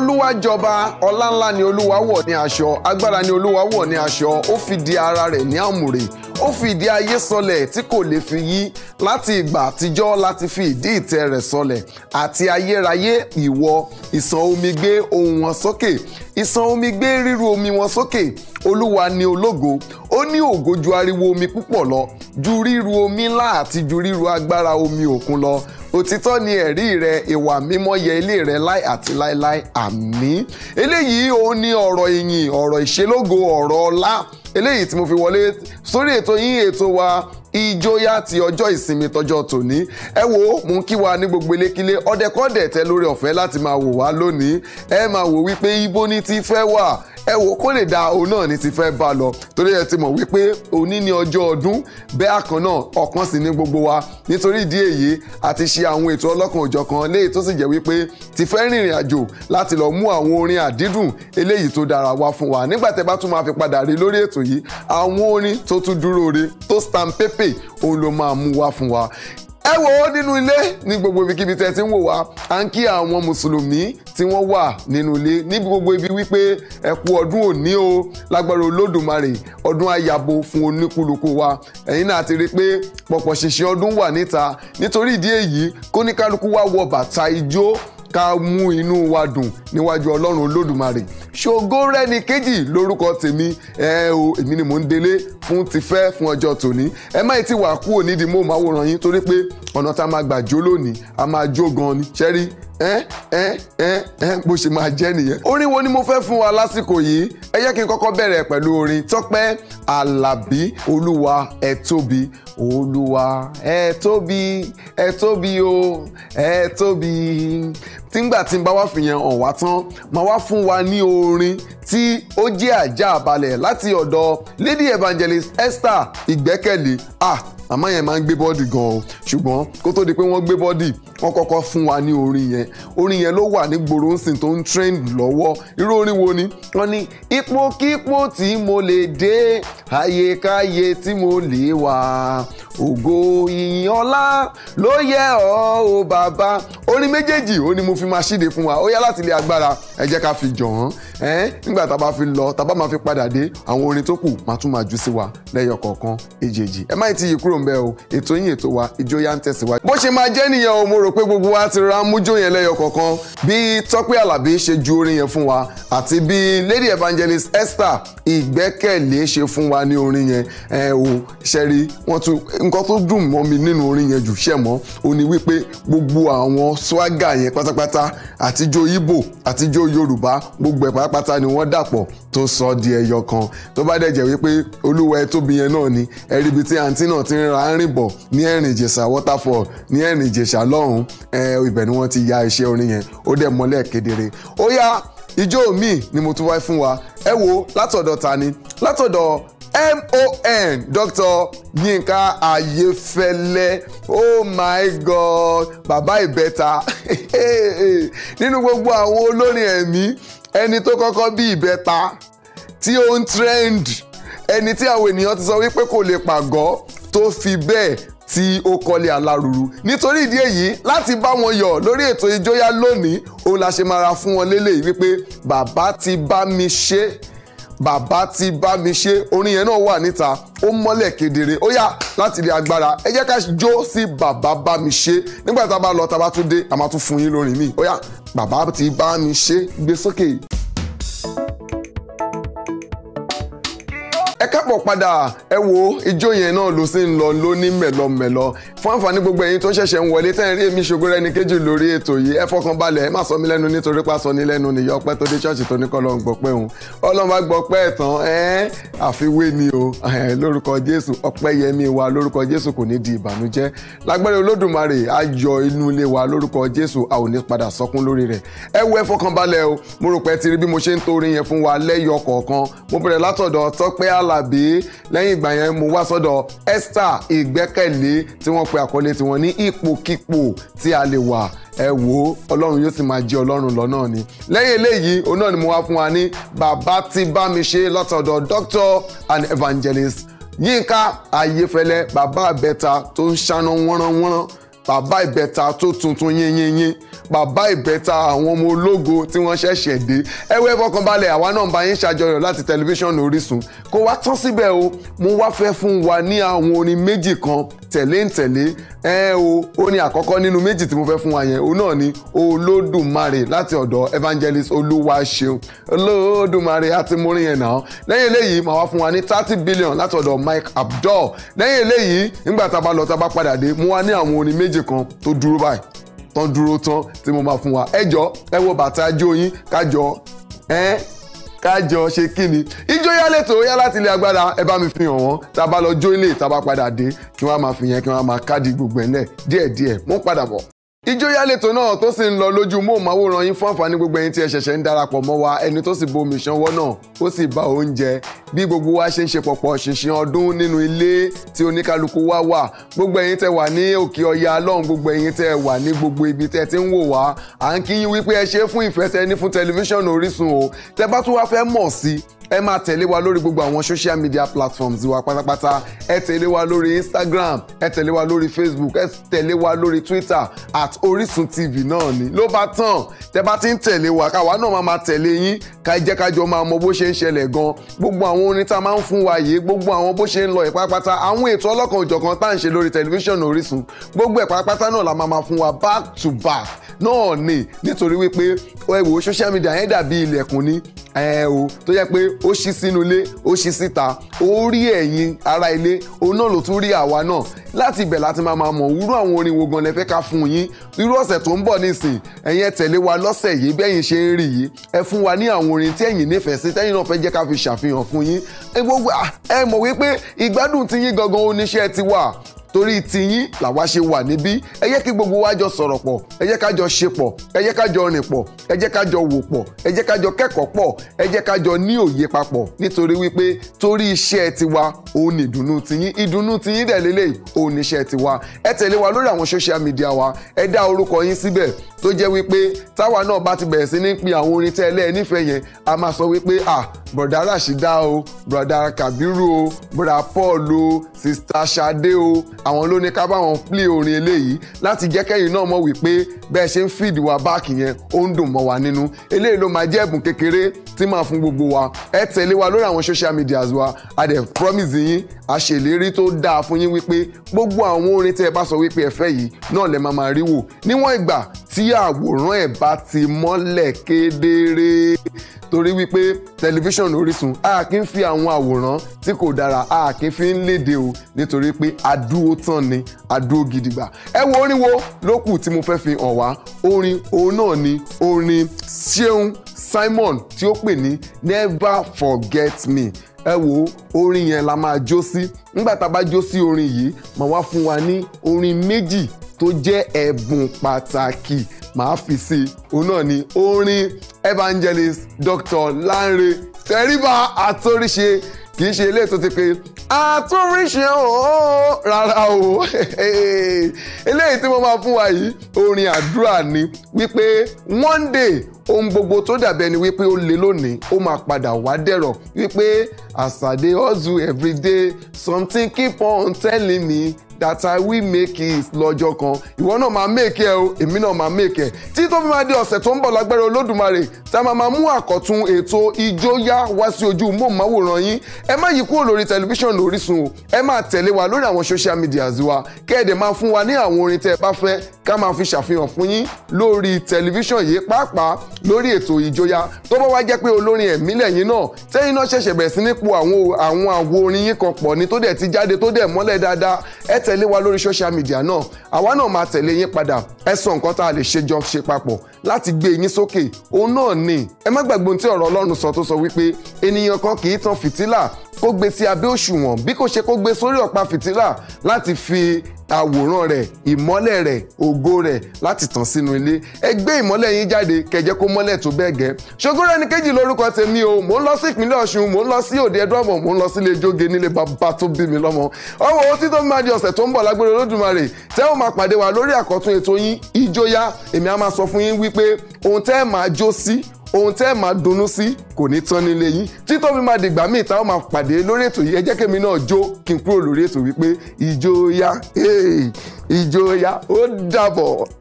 olúwa jọba ọlá ńlá ni olúwa wọ̀ ní aṣọ agbára ni olúwa wọ̀ ní aṣọ ó fi di ara rẹ̀ ní àmùrè ó fi ìdí ayé sọlẹ̀ tí kò lè fi yí láti ìgbà àtijọ́ láti fi ìdí ìtẹ́ rẹ̀ sọlẹ̀ àti ayérayé ìwọ ìsàn omi gbé ohùn wọn sókè ìsàn omi gbé ríru omi wọn sókè olúwa ni ológo ó ní ògo ju ariwo omi púpọ̀ lọ ju ríru omi ńlá àti ju ríru agbára omi òkun lọ òtítọ́ ni ẹ̀rí rẹ ìwà mímọ́ yẹ ilé rẹ láì àti láíláí àmín eléyìí òun ni ọ̀rọ̀ ìyìn ọ̀rọ̀ ìṣelógo ọ̀rọ̀ ọlá eléyìí tí mo fi wọlé sórí ètò yín ètò wa ìjóyà ti ọjọ́ ìsinmi tọjọ́ tòní ẹ wo mò ń kí wa ní gbogbo ilékílé ọdẹkọdẹ tẹ lórí ọ̀fẹ́ láti máa wò wá lónìí ẹ máa wò wípé ibo ni ti fẹ́ wà ẹ wò kó lè da òun náà ni ti fẹ́ bá lọ torí ẹ ti mọ̀ wípé òní ni ọjọ́ ọdún bẹ́ẹ̀ kan náà ọ̀kan sì ní gbogbo wa nítorí ìdí èyí àti ṣe àwọn ètò ọlọ́kan òjọ̀kan léyìí tó sì jẹ́ wípé ti fẹ́ rìnrìn àjò láti lọ mú àwọn orin àdídùn eléyìí tó dára wá fún wa nígbà tẹ́ bá tún máa fi padà rí lórí ètò yìí àwọn orin tó tún dúró re tó stampépè òun ló máa mú wá fún wa ẹ wò ó nínú ilé ní gbogbo ibikíbi tẹ́ ti ń wò wá à ń kí àwọn mùsùlùmí tí wọ́n wà nínú ilé níbi gbogbo ibi wípé ẹ ọdún òní o lágbára olódùmarè ọdún àyàbò fún oníkúlùkù wa ẹ̀yin náà ti rí i pé pọ̀pọ̀ ṣìnṣìn ọdún wà níta nítorí ìdí èyí kóníkálukú wá wọ bàtà ijó ká mú inú wa dùn níwájú ọlọ́run olódùmarè Ṣògorẹ́níkejì lórúkọ tèmi ẹ o èmi ni mò ń délé fún tifẹ́ fún ọjọ́ tòní ẹ má ti wà kúrò nídìí mò máa wòrán yín torí pé ọ̀nà tá a máa gbà jó lónìí a máa jó gan ni ṣẹ́rí ẹ ẹ ẹ ẹ bó ṣe máa jẹ́ nìyẹn. orin wo ni mo fẹ́ fún wa lásìkò yìí ẹ jẹ́ kí n kọ́kọ́ bẹ̀rẹ̀ pẹ̀lú orin tọ́pẹ́ alábí olúwa ẹ tóbi olúwa ẹ tóbi ẹ tóbi o ẹ tóbi tíngbà tí n bá wá fìyẹn hàn wá tán máa wá fún wa ní orin tí ó jẹ́ àjà àbalẹ̀ láti ọ̀dọ̀ lady evangelist Esther Ìgbẹ́kẹ̀lé ah àmọ́ yẹn máa ń gbé bọ́ọ̀dì gan-an ṣùgbọ́n kó tó di pé wọ́n gbé bọ́ọ̀dì wọ́n kọ́kọ́ fún wa ní orin yẹn orin yẹn ló wà ní gbòòrò ńsìn tó ń trend lọ́wọ́ irú orin wo ni wọ́n ní ipòkípò tí mo lè dé àyèkáyè tí mo lè wà ògo ìyìn ló yẹ ọ́ o bàbá orin méjèèjì ó ní mo fi máa ṣíde fún wa ó yá láti ilé agbára ẹ jẹ́ ká fi jọ̀hán ẹ́n nígbà tá a bá fi lọ tá a bá máa fi padà dé àwọn orin tó kù máa tún máa jù sí wa lẹ́yọ̀ kọ̀ọ̀kan èjèèjì ẹ má ì tí yí kúrò ń bẹ́ẹ̀ o ètò yín ètò wa ìjó yá ń tẹ̀síwájú bó ṣe máa jẹ́ nìyẹn o mo rò rò pé gbogbo wa ti ra mújó yẹn lẹ́yọ kọ̀ọ̀kan bí Tọ́pẹ́ Àlàbí ṣe ju orin yẹn fún wa àti bí Lady Evangelist Esther Ìgbẹ́kẹ̀lé ṣe fún wa ní orin yẹn ẹ o ṣẹ́rí wọ́n tún nǹkan tó dùn mọ́ mi nínú orin yẹn jù ṣẹ̀ mọ́ o ní wípé gbogbo àwọn swaga yẹn pátápátá àtijọ́ Ìgbò àtijọ́ Yorùbá gbogbo ẹ̀ pátápátá ni wọ́n dàpọ̀ tó sọ di ẹyọ kan tó bá dẹ̀ jẹ́ wípé olúwa ẹ tóbi yẹn náà ni ẹ rí ibi àǹtí náà ti ń ra ń rìn bọ̀ ní ẹ̀rìn ìjẹ̀ṣà waterfall ní ẹ̀rìn ìjẹ̀ṣà lọ́hùn ọ̀hún ibẹ̀ ni wọ́n ti ya iṣẹ́ orin yẹn ó dẹ̀ mọ́lẹ̀ kedere ó yá ijó mi ni mo tún wáyé fún wa ẹ wo látọ̀dọ̀ ta ni látọ̀dọ̀ mon dr yinka ayefẹlẹ oh my god Baba ìbẹta nínú gbogbo àwọn olórin ẹ̀mí ẹni tó kọ́kọ́ bí ìbẹta tí ó ń trend ẹni tí àwọn ènìyàn ti sọ wípé kò lè pàgọ́ tó fi bẹ́ẹ̀ tí ó kọ́lé alárùrù nítorí ìdí èyí láti bá wọn yọ̀ lórí ètò ìjóyà lónìí òun la ṣe máa ra fún wọn lélẹ́yìí wípé bàbá ti bá mi ṣe bàbá ti bá mi ṣe orin yẹn náà wà níta ó mọ́lẹ̀ kedere ó yá láti rí agbára ẹ jẹ́ ká jó sí bàbá bá mi ṣe nígbà tá a bá lọ tá a bá tún dé a máa tún fún yín lórin mi ó yá bàbá ti bá mi ṣe gbé sókè. ẹ káàbọ̀ padà ẹ wo ijó yẹn náà ló sì ń lọ lónìí mẹ̀lọmẹ̀lọ fún àǹfààní gbogbo ẹ̀yin tó ṣẹ̀ṣẹ̀ ń wọlé tẹ́ ẹ̀ rí èmi ṣògo rẹni kejì lórí ètò yìí ẹ fọkàn balẹ̀ ẹ má sọ mí lẹ́nu nítorí pa sọ ní lẹ́nu nìyọ ọpẹ́ tó dé ṣọ́ọ̀ṣì tó ní kọ́ lọ́n gbọ́ pé òun ọlọ́run gbọ́ pẹ́ tán ẹ́ àfiwé ni o lórúkọ jésù ọpẹ́ yẹmi wa lórúkọ jésù kò ní di ìbànújẹ́ lágbára olódùmarè á yọ inú ilé wa lórúkọ jésù a ò ní padà sọkún lórí rẹ̀ ẹ wo ẹ fọkàn balẹ̀ o mo rò pé ti rí bí mo ṣe ń torin yẹn fún wa lẹ́yọ kọ̀ọ̀kan mo bẹ̀rẹ̀ látọ̀dọ̀ tọ́pẹ́ àl alábí lẹ́yìn ìgbà yẹn mo wá sọ́dọ̀ Esther ìgbẹ́kẹ̀lé tí wọ́n pe àkọlé tiwọn ní ipòkípò tí a lè wà ẹ wò ó ọlọ́run yóò sì máa jẹ́ ọlọ́run lọ náà ni lẹ́yìn eléyìí òun náà ni mo wá fún wa ní bàbá tí bá mi ṣe látọ̀dọ̀ doctor and evangelist yínká ayéfẹ́lẹ́ bàbá ìbẹ́ta tó ń ṣáná wọ́nrán bàbá ìbẹ́ta tó tuntun yín yín yín bàbá ìbẹ́ta àwọn ọmọ ológo tí wọ́n ṣẹ̀ṣẹ̀ dé ẹwẹ́ fọkànbalẹ̀ àwa náà ń bá yín ṣàjọyọ̀ láti tẹlifíṣàn Orísun kó wá tán síbẹ̀ o mo wá fẹ́ fún wa ní àwọn orin méjì kan tẹ̀lé ń tẹ̀lé ẹ o ó ní àkọ́kọ́ nínú méjì tí mo fẹ́ fún wa yẹn òun náà ni Olódùmarè láti ọ̀dọ̀ Evangelist Olúwaṣeun Olódùmarè àti morin yẹn náà lẹ́yìn eléyìí màá wá fún wa ní thirty billion láti ọ̀dọ̀ Mike Abdul lẹ́yìn eléyìí nígbà tá a bá lọ tá a bá padà dé mo wá ní àwọn orin méjì kan tó dúró báyìí tán dúró tán tí mo máa fún wa ẹ jọ ẹ wo bàtà ajó yín kájọ ẹ kájọ ṣe kí ni ijó yálẹ̀ tó yá láti ilé agbára ẹ bá mi fi hàn wọ́n tá a bá lọ jó ilé tá padà dé kí wọ́n máa fi yẹn kí wọ́n máa káàdì gbogbo ẹ̀ lẹ̀ díẹ̀díẹ̀ mo padà bọ̀ ìjọyà lẹ́tọ̀ náà tó sì ń lọ lójú móhùnmáwòrán yín fún àǹfààní gbogbo ẹ̀yin tí ẹ ṣẹ̀ṣẹ̀ ń darapọ̀ mọ́ wa ẹni tó sì bomi ìṣanwọ́ náà ó sì bá oúnjẹ bí gbogbo wa ṣe ń ṣe pọ̀pọ̀ ṣìnṣìn ọdún nínú ilé tí oníkálukú wa wà gbogbo ẹ̀yin tẹ wà ní òkè ọya lọ́hùn gbogbo ẹ̀yin tẹ wà ní gbogbo ibi tẹ ti ń wò wá à ń kí yín wípé ẹ ṣe fún ìfẹ́ tẹ ní fún tẹlifíṣàn Orísun o tẹ bá tún wá fẹ́ mọ̀ sí ẹ máa tẹ̀lé wa lórí gbogbo àwọn social media platforms wa pátápátá ẹ tẹ̀lé wa lórí Instagram ẹ tẹ̀lé wa lórí Facebook ẹ tẹ̀lé wa lórí Twitter at Orisun TV náà ni ló bá tàn tẹ bá ti ń tẹ̀lé wa káwa náà máa máa tẹ̀lé yín ká jẹ́ kájọ máa mọ bó ṣe ń ṣẹlẹ̀ gan gbogbo àwọn orin tá a máa ń fún wa yìí gbogbo àwọn bó ṣe ń lọ ìpápátá àwọn ètò ọlọ́kan òjọ̀kan tá à ń ṣe lórí tẹlifíṣàn Orísun gbogbo ìpápátá náà la máa máa fún wa back to back náà ni nítorí wípé ẹ wò social media yẹn dàbí ilẹ̀kùn ni ẹ o tó yẹ pé ó ṣí sínú ilé ó ṣí síta ó rí ẹ̀yin ara ilé òun náà ló tún rí àwa náà láti ibẹ̀ láti máa máa mọ̀ wúrú àwọn orin wo gan lẹ fẹ́ ká fún yín irú ọ̀sẹ̀ tó ń bọ̀ nísìn ẹ̀yin ẹ wa lọ́sẹ̀ yìí bẹ́yìn ṣe ń rí yìí ẹ fún wa ní àwọn orin tí ẹ̀yin nífẹ̀ẹ́ sí tẹ́yìn náà fẹ́ jẹ́ ká fi ṣàfihàn fún yín ẹ mọ̀ wípé ìgbádùn ti yín gangan oníṣẹ́ ti wà torí tiyín làwa ṣe wà níbí ẹ jẹ́ kí gbogbo wa jọ sọ̀rọ̀ pọ̀ ẹ jẹ́ ká jọ ṣe pọ̀ ẹ jẹ́ ká jọ rìn pọ̀ ẹ jẹ́ ká jọ wò pọ̀ ẹ jẹ́ ká jọ kẹ́kọ̀ọ́ pọ̀ ẹ jẹ́ ká jọ ní òye papọ̀ nítorí wípé torí iṣẹ́ tiwa òun ni ìdùnnú tiyín ìdùnnú tiyín dẹ̀ lélẹ̀ òun ni iṣẹ́ tiwa ẹ tẹ̀lé wa lórí àwọn social media wa ẹ dá orúkọ yín síbẹ̀ tó jẹ́ wípé táwa náà bá ti bẹ̀rẹ̀ sí ní pin àwọn orin tẹ́ nífẹ̀ẹ́ yẹn a máa sọ wípé ah bọ̀dá Ràṣídá o bọ̀dá Kàbírù o bọ̀dá Paul o sista Ṣadé o àwọn ló ní ká bá wọn plé orin eléyìí láti jẹ́ kẹ́yìn náà mọ̀ wípé bẹ́ẹ̀ ṣe ń feed wa báàkì yẹn ó ń dùn mọ́ wa nínú eléyìí ló máa jẹ́ ẹ̀bùn kékeré tí máa fún gbogbo wa ẹ tẹ̀lé wa lórí àwọn social media wa a dẹ̀ promise yín àṣèlérí tó dáa fún yín wípé gbogbo àwọn orin tẹ́ ẹ bá sọ wípé ẹ fẹ́ yìí náà lẹ máa máa rí wò níwọ̀n ìgbà tí àwòrán ẹ̀ bá ti mọ́lẹ̀ kedere torí wípé tẹlifíṣàn Orísun a kì í fi àwọn àwòrán tí kò dára a kì í fi ń léde o nítorí pé adúó tán ni adúó gidigba ẹ wo orin wo lókù tí mo fẹ́ fi hàn wá orin òun náà ni orin Ṣeun Simon tí ó pè ní Never Forget Me ẹ wo orin yẹn la máa jó sí nígbà tá a bá jó sí orin yìí màá wá fún wa ní orin méjì tó jẹ́ ẹ̀bùn pàtàkì màá fi sí i òun náà ni orin evangelist Dr. Lanre tẹríba àtúnríṣe kì í ṣe ilé tó ti pé àtúnríṣe ooo rárá o eléyìí tí mo máa fún wa yìí orin àdúrà ni wípé one day ohun gbogbo tó dàbí ẹni wípé ó le lónìí ó máa padà wá dẹ̀rọ̀ wípé àṣàdé hustle everyday something keep on telling me that I will make it lọ́jọ́ kan ìwọ náà máa make ẹ o èmi náà máa make ẹ tí tó fi máa di ọ̀sẹ̀ tó ń bọ̀ lágbára olódùmarè tá a máa máa mú àkọ́tún ètò ìjóyà wá sí ojú móhùnmáwòrán yín ẹ má yí kúrò lórí tẹlifíṣàn Orísun o ẹ máa tẹ̀lé wa lórí àwọn social media wa kẹ́ẹ̀dẹ̀ máa fún wa ní àwọn orin tẹ́ ẹ bá fẹ́ ká máa fi ṣàfihàn fún yín lórí tẹlifíṣàn yìí pàápàá lórí ètò ìjóyà tó bá wá jẹ́ pé olórin ẹ̀mí lẹ́yìn náà tẹ́yìn náà ṣẹ̀ṣẹ̀ bẹ̀rẹ̀ sí ní àwọn àwo orin yín kan pọ̀ ni tó dẹ̀ ti jáde tó dẹ̀ mọ́lẹ̀ dáadáa ẹ t tẹ̀lé wa lórí social media náà àwa náà máa tẹ̀lé yín padà ẹ sọ nǹkan tá a lè ṣe jọ ṣe papọ̀ láti gbé yín sókè òun náà ni ẹ má gbàgbé ohun tí ọ̀rọ̀ Ọlọ́run sọ tó sọ wípé ènìyàn kan kì í tan fìtílà kó gbé sí abẹ́ òṣùwọ̀n bí kò ṣe kó gbé sórí ọ̀pá fìtílà láti fi àwòrán rẹ̀ ìmọ́lẹ̀ rẹ̀ ògo rẹ̀ láti tàn sínú ilé ẹ gbé ìmọ́lẹ̀ yín jáde kẹjẹ kó mọ́lẹ̀ tó bẹ́ẹ̀ gẹ́ ṣogúnrẹ́ ní kejì lórúkọ tèmi o mò ń lọ sí ìpínlẹ̀ Ọ̀ṣun mò ń lọ sí òde ẹdúrọ̀mọ̀ mò ń lọ sílé jóge nílé bàbá tó bí mi lọ́mọ ọwọ́ owó títọ́ máa di ọ̀sẹ̀ tó ń bọ̀ lágbèrè Olódùmarè tẹ́ ò máa pàdé wa lórí àkọ́tún ètò yín ìjóyà èmi á máa sọ wípé ohun tẹ́ ẹ̀ máa jó sí ohun tẹ́ ẹ̀ máa dunnú sí kò ní tán nílé yín títọ́ mi máa dìgbà míì táwọn máa pàdé lórí ètò yìí ẹ jẹ́ náà jó kí n kúrò lórí ètò wípé ìjó ya ìjó ya ó dàbọ̀.